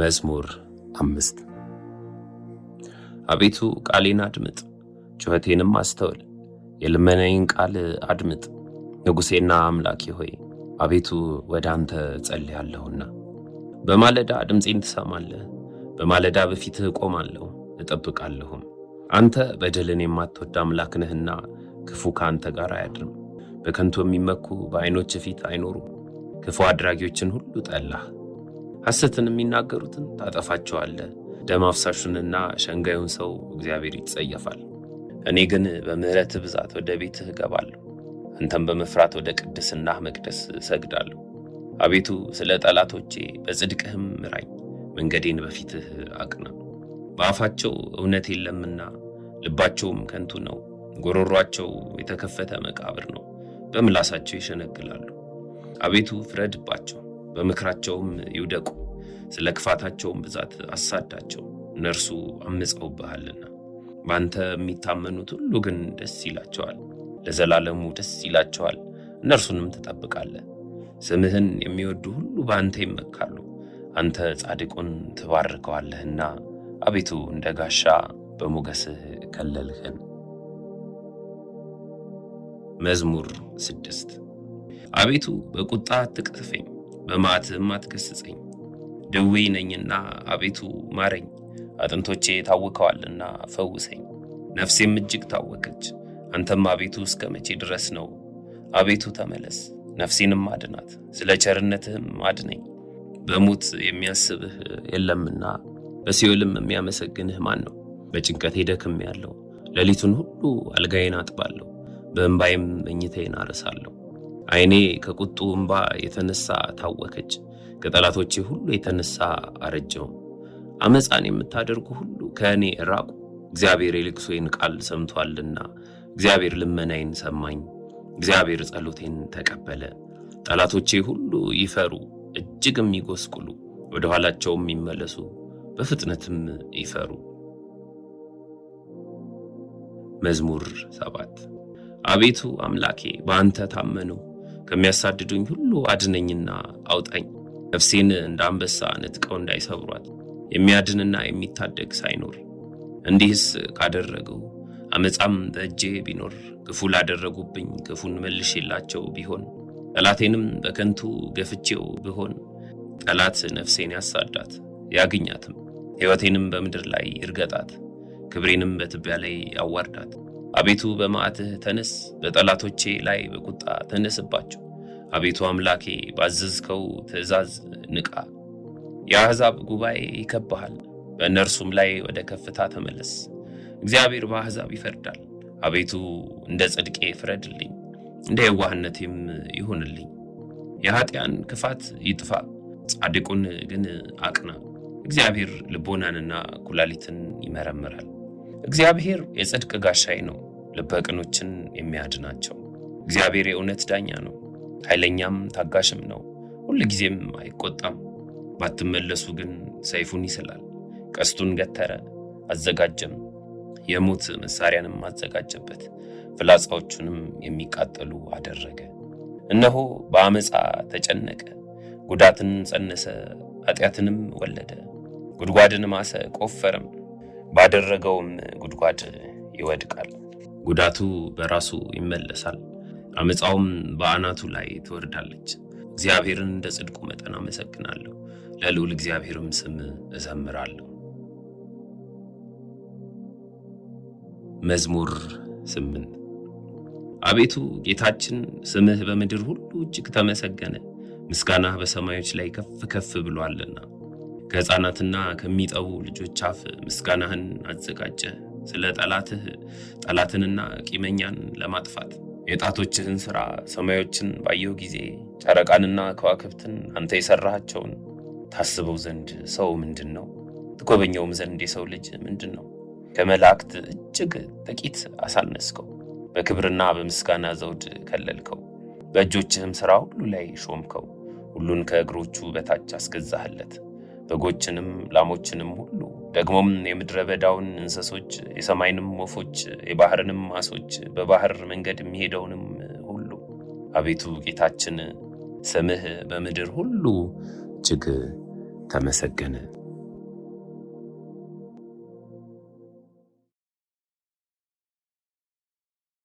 መዝሙር አምስት አቤቱ ቃሌን አድምጥ፣ ጩኸቴንም አስተውል፣ የልመናዬን ቃል አድምጥ። ንጉሴና አምላኬ ሆይ አቤቱ ወደ አንተ ጸልያለሁና። በማለዳ ድምፄን ትሰማለህ፣ በማለዳ በፊትህ እቆማለሁ እጠብቃለሁም። አንተ በደልን የማትወድ አምላክ ነህና ክፉ ከአንተ ጋር አያድርም። በከንቱ የሚመኩ በዐይኖች ፊት አይኖሩም። ክፉ አድራጊዎችን ሁሉ ጠላህ። ሐሰትን የሚናገሩትን ታጠፋቸዋለህ። ደም አፍሳሹንና ሸንጋዩን ሰው እግዚአብሔር ይጸየፋል። እኔ ግን በምሕረትህ ብዛት ወደ ቤትህ እገባለሁ፣ አንተም በመፍራት ወደ ቅድስናህ መቅደስ እሰግዳለሁ። አቤቱ ስለ ጠላቶቼ በጽድቅህም ምራኝ፣ መንገዴን በፊትህ አቅና። በአፋቸው እውነት የለምና ልባቸውም ከንቱ ነው። ጎሮሯቸው የተከፈተ መቃብር ነው፣ በምላሳቸው ይሸነግላሉ። አቤቱ ፍረድባቸው፣ በምክራቸውም ይውደቁ። ስለ ክፋታቸውን ብዛት አሳዳቸው፣ እነርሱ አምፀውብሃልና። በአንተ የሚታመኑት ሁሉ ግን ደስ ይላቸዋል፣ ለዘላለሙ ደስ ይላቸዋል፣ እነርሱንም ትጠብቃለህ። ስምህን የሚወዱ ሁሉ በአንተ ይመካሉ፣ አንተ ጻድቁን ትባርከዋለህና። አቤቱ እንደ ጋሻ በሞገስህ ከለልህን። መዝሙር ስድስት አቤቱ በቁጣ አትቅሰፈኝ፣ በመዓትህም አትገስጸኝ ድውይ ነኝና አቤቱ ማረኝ፣ አጥንቶቼ ታውከዋልና ፈውሰኝ። ነፍሴም እጅግ ታወከች። አንተም አቤቱ እስከ መቼ ድረስ ነው? አቤቱ ተመለስ፣ ነፍሴንም አድናት፣ ስለ ቸርነትህም አድነኝ። በሞት የሚያስብህ የለምና በሲኦልም የሚያመሰግንህ ማን ነው? ደክም ያለው ሌሊቱን ሁሉ አልጋዬን አጥባለሁ፣ በእንባዬም መኝታዬን አረሳለሁ። ዓይኔ ከቁጡ እንባ የተነሳ ታወከች። ከጠላቶቼ ሁሉ የተነሳ አረጀው። አመፃን የምታደርጉ ሁሉ ከእኔ ራቁ፣ እግዚአብሔር የልቅሶዬን ቃል ሰምቷልና። እግዚአብሔር ልመናዬን ሰማኝ፣ እግዚአብሔር ጸሎቴን ተቀበለ። ጠላቶቼ ሁሉ ይፈሩ፣ እጅግ የሚጎስቁሉ ወደ ኋላቸውም የሚመለሱ በፍጥነትም ይፈሩ። መዝሙር ሰባት አቤቱ አምላኬ በአንተ ታመኑ ከሚያሳድዱኝ ሁሉ አድነኝና አውጣኝ። ነፍሴን እንደ አንበሳ ነጥቀው እንዳይሰብሯት የሚያድንና የሚታደግ ሳይኖር እንዲህስ ካደረገው አመፃም በእጄ ቢኖር ክፉ ላደረጉብኝ ክፉን መልሼላቸው ቢሆን ጠላቴንም በከንቱ ገፍቼው ብሆን ጠላት ነፍሴን ያሳዳት ያግኛትም፣ ሕይወቴንም በምድር ላይ ይርገጣት፣ ክብሬንም በትቢያ ላይ ያዋርዳት። አቤቱ በማዕትህ ተነስ፣ በጠላቶቼ ላይ በቁጣ ተነስባቸው። አቤቱ አምላኬ ባዘዝከው ትእዛዝ ንቃ። የአሕዛብ ጉባኤ ይከብሃል፣ በእነርሱም ላይ ወደ ከፍታ ተመለስ። እግዚአብሔር በአሕዛብ ይፈርዳል። አቤቱ እንደ ጽድቄ ፍረድልኝ፣ እንደ የዋህነቴም ይሁንልኝ። የኃጢያን ክፋት ይጥፋ፣ ጻድቁን ግን አቅና። እግዚአብሔር ልቦናንና ኩላሊትን ይመረምራል። እግዚአብሔር የጽድቅ ጋሻይ ነው፣ ልበ ቅኖችን የሚያድናቸው። እግዚአብሔር የእውነት ዳኛ ነው፣ ኃይለኛም ታጋሽም ነው። ሁል ጊዜም አይቆጣም። ባትመለሱ ግን ሰይፉን ይስላል፣ ቀስቱን ገተረ አዘጋጀም፣ የሞት መሳሪያንም አዘጋጀበት፣ ፍላጻዎቹንም የሚቃጠሉ አደረገ። እነሆ በአመፃ ተጨነቀ፣ ጉዳትን ጸነሰ፣ ኃጢአትንም ወለደ። ጉድጓድን ማሰ ቆፈረም፣ ባደረገውም ጉድጓድ ይወድቃል። ጉዳቱ በራሱ ይመለሳል፣ አመፃውም በአናቱ ላይ ትወርዳለች። እግዚአብሔርን እንደ ጽድቁ መጠን አመሰግናለሁ፣ ለልዑል እግዚአብሔርም ስም እዘምራለሁ። መዝሙር ስምንት አቤቱ ጌታችን ስምህ በምድር ሁሉ እጅግ ተመሰገነ፣ ምስጋናህ በሰማዮች ላይ ከፍ ከፍ ብሏልና። ከሕፃናትና ከሚጠቡ ልጆች አፍ ምስጋናህን አዘጋጀ ስለ ጠላትህ ጠላትንና ቂመኛን ለማጥፋት የጣቶችህን ሥራ ሰማዮችን ባየው ጊዜ ጨረቃንና ከዋክብትን አንተ የሠራሃቸውን ታስበው ዘንድ ሰው ምንድን ነው? ትጎበኘውም ዘንድ የሰው ልጅ ምንድን ነው? ከመላእክት እጅግ ጥቂት አሳነስከው፣ በክብርና በምስጋና ዘውድ ከለልከው፣ በእጆችህም ሥራ ሁሉ ላይ ሾምከው፣ ሁሉን ከእግሮቹ በታች አስገዛህለት። በጎችንም ላሞችንም ሁሉ ደግሞም የምድረ በዳውን እንስሶች የሰማይንም ወፎች የባህርንም ማሶች በባህር መንገድ የሚሄደውንም ሁሉ። አቤቱ ጌታችን ስምህ በምድር ሁሉ እጅግ ተመሰገነ።